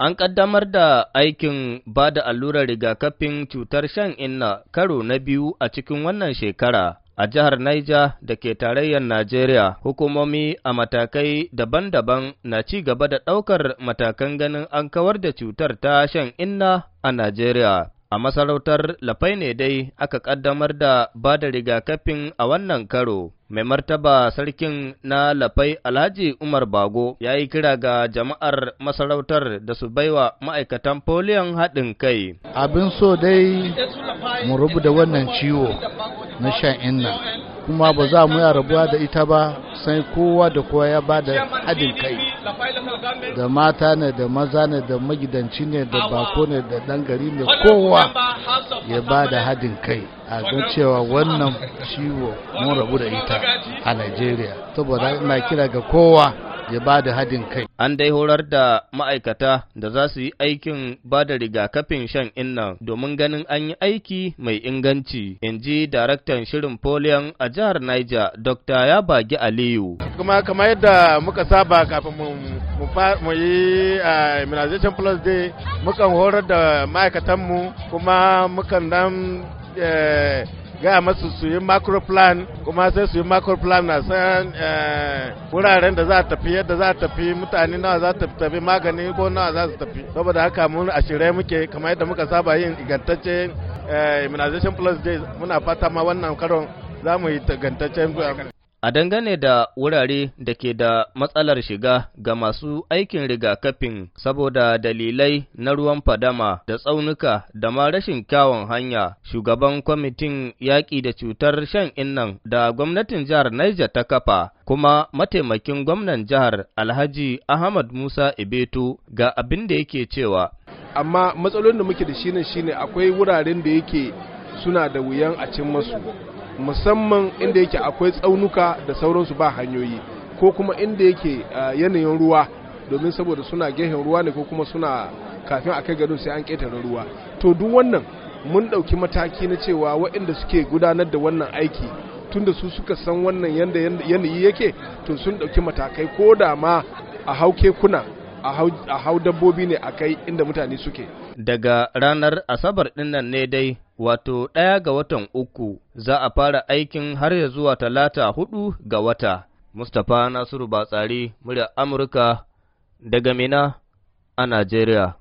An ƙaddamar da aikin ba da allurar rigakafin cutar shan inna karo na biyu a cikin wannan shekara a jihar Niger da ke tarayyar Najeriya. Hukumomi a matakai daban-daban na ci gaba da ɗaukar matakan ganin an kawar da cutar ta shan inna a Najeriya. A masarautar Lafai ne dai aka ƙaddamar da ba da rigakafin a wannan karo. Mai martaba sarkin na lafai Alhaji Umar Bago ya yi kira ga jama'ar masarautar da su baiwa ma'aikatan foliyan haɗin kai. Abin so dai mu rubu wannan ciwo na sha inna, kuma ba za mu ya rabuwa da ita ba sai kowa da kowa ya bada haɗin kai. da mata ne da maza ne da magidanci ne da bako ne da ɗan gari ne kowa ya ba da hadin kai a ga cewa wannan ciwo mun rabu da ita a Najeriya saboda ina kira ga kowa ya ba da hadin kai. An dai horar da ma'aikata da za su yi aikin ba da rigakafin shan inna domin ganin an yi aiki mai inganci, in ji daraktan shirin polion a jihar Niger, Dr. Yabagi Aliyu. Kuma kamar yadda muka saba kafin mu yi immunization plus day, mukan horar da ma'aikatanmu kuma mukan dan eh, gaya masu su yi macroplan kuma sai su yi macroplan na san eh, wuraren da za a tafi yadda za a tafi mutane nawa za su tafi magani ko nawa za su tafi saboda haka mun a shirye muke kamar yadda muka saba yin igantacce eh, immunization plus days muna fata ma wannan karon za mu yi tagantaccen A dangane da wurare da ke da matsalar shiga ga masu aikin rigakafin saboda dalilai na ruwan fadama da tsaunuka da ma rashin kyawun hanya, shugaban kwamitin yaƙi da cutar shan innan da gwamnatin jihar Niger ta kafa, kuma mataimakin gwamnan jihar Alhaji Ahmad Musa Ibeto ga abin da yake cewa. Amma matsalolin da muke da shi ne akwai wuraren da yake suna da wuyan a cin masu. musamman inda yake akwai tsaunuka da sauransu ba hanyoyi ko kuma inda yake yanayin ruwa domin saboda suna gehen ruwa ne ko kuma suna kafin a kai garin sai an ƙetare ruwa to duk wannan mun ɗauki mataki na cewa waɗanda suke gudanar da wannan aiki tunda su suka san wannan yanda yanayi yake to sun ɗauki matakai ko da ma a hau kekuna a hau dabbobi ne a kai inda mutane suke daga ranar asabar nan ne dai wato ɗaya ga watan uku za a fara aikin har ya zuwa talata hudu ga wata. Mustapha Nasiru Batsari, murya Amurka daga Mina a Najeriya.